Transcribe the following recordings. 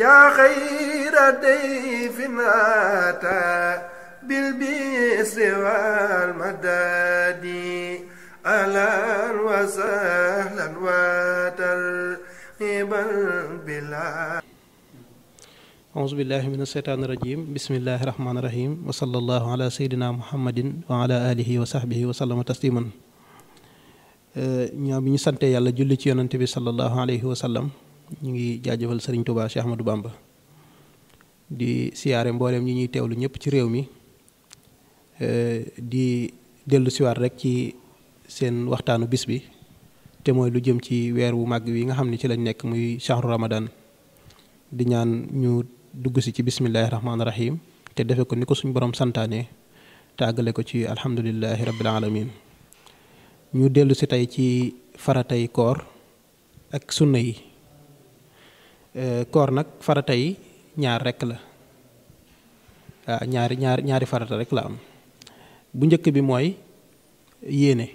yaa xayra dayfin ataa bil bisri wal madadi ahlan wa sahlan wa tarhiban bilaa auzu billahi min asheytaani rajim bismillahi rahmaani rahim wa sallallahu ala seydina muhammadin wa ala alihi wa sahbihi wa sallama tasliman ñoom bi ñu sante yàlla julli ci yonante bi sallallahu alayhi wa sallam ñu ngi jaajëfal sëriñ Touba Cheikh Ahmadou Bamba di siyaare mbooleem ñi ñuy teewlu ñëpp ci réew mi eh, di dellu siwaat rek ci seen waxtaanu bis bi te mooy lu jëm ci weer wu màgg wi nga xam ne ci lañ nekk muy shahru ramadan di ñaan ñu dugg si ci bismillahi rahmaani rahim te defe ko ni ko suñ borom santaane tàggale ko ci alhamdulillahi rabbil alamin ñu dellu si tey ci faratay koor ak sunna yi Eh, koor nag farata yi ñaar rekk la waaw ah, ñaari ñaari ñaari farata rekk la am bu njëkk bi mooy yéene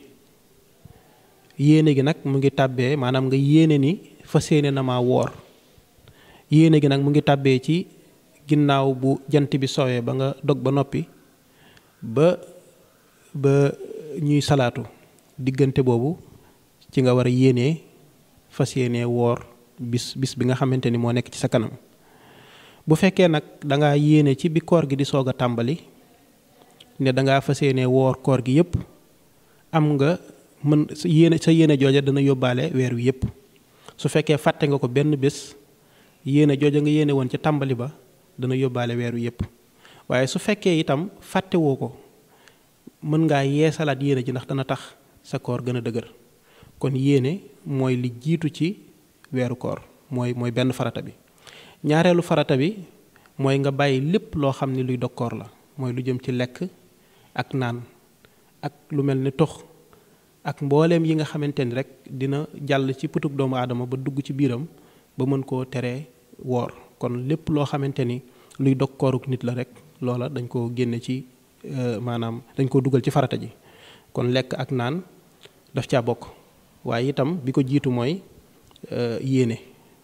yéene gi nag mu ngi tàbbee maanaam nga yéene ni fas yéene na maa woor yéene gi nag mu ngi tàbbee ci ginnaaw bu jant bi soowee ba nga dog ba noppi ba ba ñuy salaatu diggante boobu ci nga war a yéene fas yéene woor bis bis bi nga xamante ni moo nekk ci sa kanam bu fekkee nag da ngaa yéene ci bi koor gi di soog a tàmbali ne dangaa fa fas yéene woor koor gi yëpp am nga mën sa yéene sa yéene jooja dana yóbbaale weer wi yëpp su fekkee fàtte nga ko benn bés yéene jooja nga yéene woon ci tàmbali ba dana yóbbaale weer yëpp waaye su fekkee itam fàttewoo ko mën ngaa salaat yéene ji ndax dana tax sa koor gën a dëgër kon yéene mooy li jiitu ci. weeru koor mooy mooy benn farata bi ñaareelu farata bi mooy nga bàyyi lépp loo xam ni luy dog koor la mooy lu jëm ci lekk ak naan ak lu mel ni tox ak mbooleem yi nga xamante ni rek dina jàll ci putug doomu aadama ba dugg ci biiram ba mën koo teree woor kon lépp loo xamante ni luy dog kooruk nit la rek loola dañ koo génne ci euh, maanaam dañ koo dugal ci farata ji kon lekk ak naan daf caa bokk waaye itam bi ko jiitu mooy Euh, yéene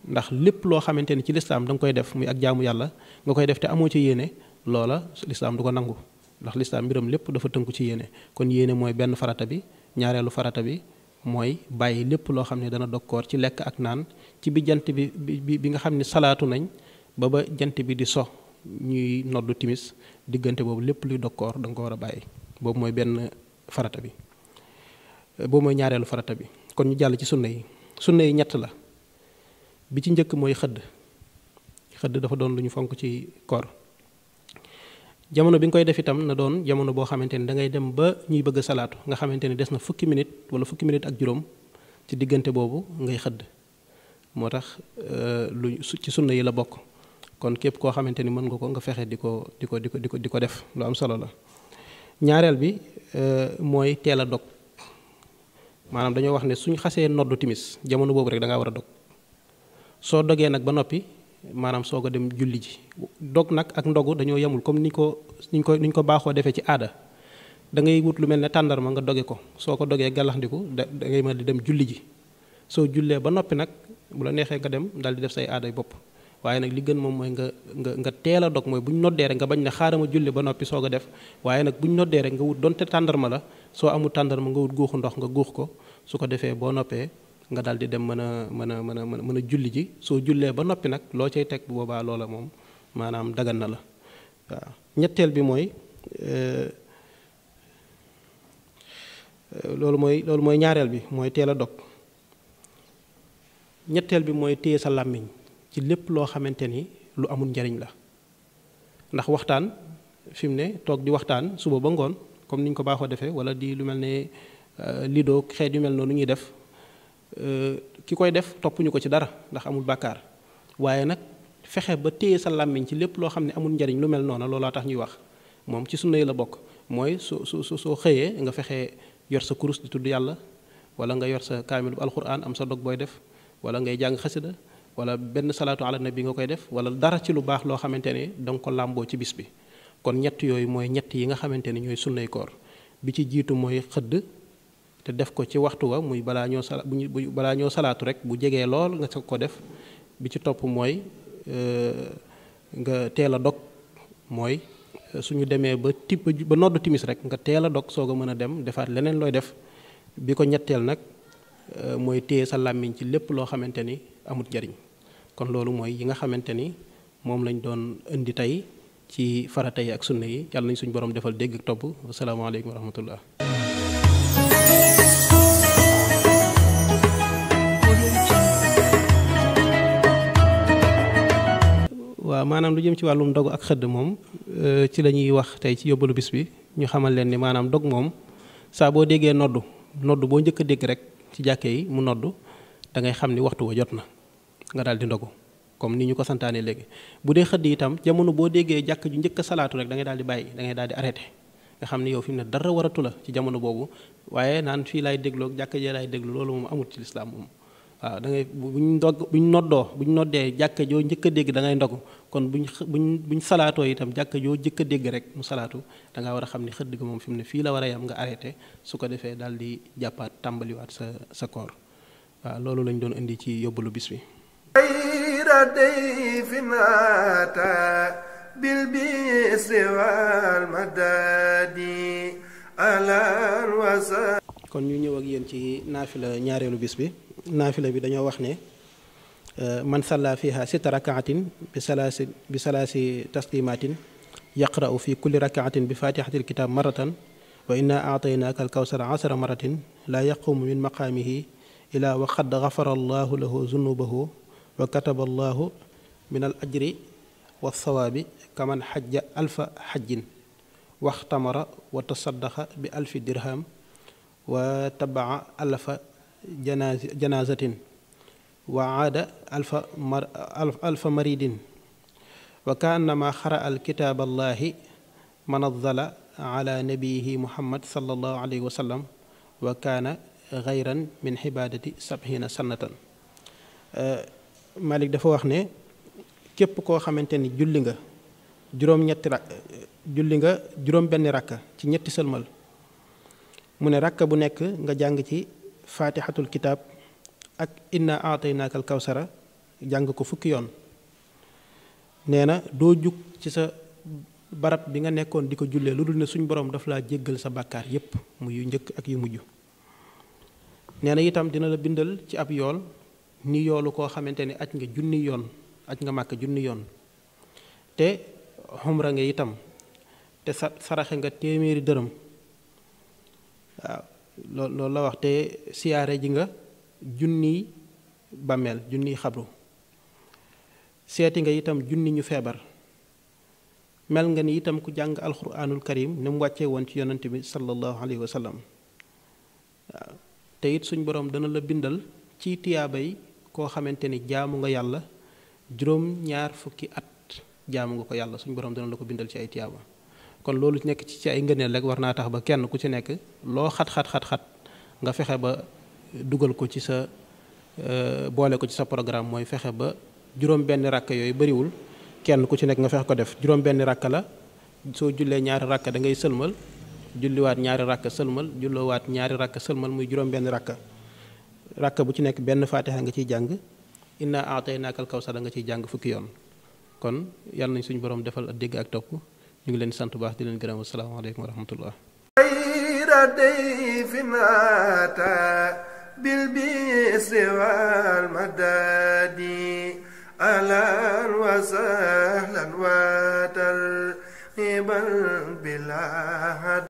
ndax lépp loo xamante ni ci lislaam da nga koy def muy ak jaamu yàlla nga koy def te amoo ci yéene loola lislaam du ko nangu ndax lislaam mbiram lépp dafa tënku ci yéene kon yéene mooy benn farata bi ñaareelu farata bi mooy bàyyi lépp loo xam ne dana dog koor ci lekk ak naan ci bi bi bi bi nga xam ne salaatu nañ ba ba jant bi di so ñuy noddu timis diggante boobu lépp luy dog koor da ko war a bàyyi boobu mooy benn farata bi boobu mooy ñaareelu farata bi kon ñu jàll ci sunna yi sunna yi ñett la bi ci njëkk mooy xëdd xëdd dafa doon lu ñu fonk ci koor jamono bi nga koy def itam na doon jamono boo xamante ni da ngay dem ba ñuy bëgg salaatu nga xamante ni des na fukki minute wala fukki minute ak juróom ci diggante boobu ngay xëdd moo tax euh, lu ci sunna yi la bokk kon képp koo xamante ni mën nga ko nga fexe di ko di ko di ko di ko di ko def lu am solo la ñaareel bi euh, mooy teel a dog maanaam dañoo wax ne suñ xasee noddu timis jamono boobu rek da war a dog soo dogee nag ba noppi maanaam soog a dem julli ji dog nag ak ndogu dañoo yemul comme ni ko niñ ko niñ ko baaxoo defee ci aada da ngay wut lu mel ne tàndarma nga doge ko soo ko dogee gàllaxndiku da da ngay mën di dem julli ji soo jullee ba noppi nag bu la neexee nga dem daal di def say aaday bopp waaye nag li gën moom mooy nga nga nga teel a dog mooy bu noddee rek nga bañ ne xaaral ma julli ba noppi soog a def waaye nag bu ñu noddee rek nga wut donte tàndarma la soo amul tàndarma nga wut guuxu ndox nga guux ko su ko defee boo noppee nga daal di dem mën a mën a mën a mën a julli ji soo jullee ba noppi nag loo cay teg bu boobaa loola moom maanaam dagan na la ñetteel bi mooy euh, loolu mooy loolu mooy ñaareel bi mooy teel a dog ñetteel bi mooy téye sa làmmiñ ci lépp loo xamante ni lu amul njariñ la ndax waxtaan fi mu ne toog di waxtaan suba ba ngoon comme ni ñu ko baaxoo defee wala di lu mel ne euh, lido xeet yu mel noonu ñuy def euh, ki koy def toppuñu ko ci dara ndax amul bàkkaar waaye nag fexe ba téye sa làmmiñ ci lépp loo xam ne amul njariñ lu mel noona loolu laa tax ñuy wax moom ci sunna yi la bokk mooy su su soo xëyee nga fexe yor sa kurus di tudd yàlla wala nga yor sa kaamil bu alquran am sa dog booy def wala ngay wala benn salaatu ala bi nga koy def wala dara ci lu baax loo xamante ne da nga ko làmboo ci bis bi kon ñett yooyu mooy ñett yi nga xamante ne ñooy sunnay koor bi ci jiitu mooy xëdd te def ko ci waxtu wa muy balaa ñoo sala bu balaa ñoo salaatu rek bu jegee lool nga sag ko def bi ci topp mooy euh, nga teel a dog mooy euh, suñu demee ba ti ba nodd timis rek nga teel a dog soog a mën a dem defaat leneen looy def bi ko ñetteel nag euh, mooy téye sa làmmiñ ci lépp loo xamante ni amut njariñ kon loolu mooy yi nga xamante ni moom lañ doon indi tey ci farata yi ak sunna yi yàlla nañ suñu borom defal dégg topp wasalaamaaleykum wa maanaam lu jëm ci wàllum dog ak xëdd moom euh, ci la ñuy wax tey ci yóbbalu bis bi ñu xamal leen ni maanaam dog moom saa boo déggee noddu noddu boo njëkk a dégg rek ci jàkke yi mu noddu da ngay xam ni waxtu wa jot na nga daal di ndogu comme ni ñu ko santaane léegi bu dee xëdd itam jamono boo déggee jàkk ju njëkk salaatu rek da ngay daal di bàyyi da ngay daal di arrêté nga xam ne yow fi mu ne dara waratu la ci jamono boobu waaye naan fii laay dégloo jàkk jee laay déglu loolu moom amul ci lislaam moom waaw da bu buñ ndog buñ noddoo buñ noddee jàkk joo njëkk a dégg da ngay ndogu kon buñ buñ ñu salaatoo itam jàkk joo njëkk a dégg rek mu salaatu da ngaa war a xam ni xëdd ga moom fi mu ne fii la war a yam nga su ko defee daal di jàppaat tàmbaliwaat sa sa koor waaw loolu lañ doon bis bi غير ضيفنا أتى بالبسر والمداد أهلا وسهلا kon ñu ñëw ak yéen ci naafila ñaareelu bis bi naafila bi dañoo wax ne euh, man salla fiha sita rakaatin bi salaasi bi salaasi taslimatin yaqra'u fi kulli rakaatin bi fatihatil kitab maratan wa inna aataynaaka alkawsara asara maratin laa min maqaamihi ilaa wa qad gafara allahu lahu wa kataba allahu min al ajri wa sawaabi kaman xajja alfa xajjin waxtamara wa tasaddaqa bi alfi dirham wa tabaa alfa janaazatin wa aada alfa alfa maridin wa kaannama xara al kitaab allahi manazala ala nabiyihi muhammad sallallahu alayhi wa sallam wa kaana gayran min xibaadati sabxiina sannatan Malik dafa wax ne képp koo xamante ni julli nga juróom-ñetti rak julli nga juróom-benn rakka ci ñetti sëlmal mu ne rakka bu nekk nga jàng ci faatixatul kitaab ak inna aataynaakal kawsara jàng ko fukki yoon nee na doo jug ci sa barab bi nga nekkoon di ko jullee lu dul ne suñ boroom daf laa jéggal sa bàkkaar yépp mu yu njëkk ak yu mujj nee na itam dina la bindal ci ab yool ni yoolu koo xamante ne aj nga junni yoon aj nga màkk junni yoon te xumra nga itam te sa saraxe nga téeméeri dërëm waaw lool loolu la wax siyaare ji nga junniy bàmmeel junni xabru seeti nga yitam junni ñu feebar mel nga ni itam ku jàng alxuraanul karim ni mu wàccee woon ci yonante bi sallallahu alayhi wa te it suñ boroom dana la bindal ci tiyaabay koo xamante ni jaamu nga yàlla juróom ñaar fukki at jaamu nga ko yàlla suñu borom dana la ko bindal ci ay tiyaaba kon loolu nekk ci ci ay ngëneel rek war naa tax ba kenn ku ci nekk loo xat-xat xat nga fexe ba dugal ko ci sa euh, boole ko ci sa programme mooy fexe ba juróom benn rakk yooyu bariwul kenn ku ci nekk nga fexe ko def juróom benn rakk la soo jullee ñaari rakk da ngay sëlmal julliwaat ñaari rakk sëlmal jullowaat ñaari rakk sëlmal muy juróom benn rakk rakka bu ci nekk benn faatiha nga ciy jàng inna aataynaaka al kawsara nga ciy jàng fukki yoon kon yàlla nañ suñu borom defal a dégg ak topp ñu ngi leen sant bu baax di leen gërëm asalaamaaleykum wa rahmatullah xayra day fi maata bil bisri wal madadi alan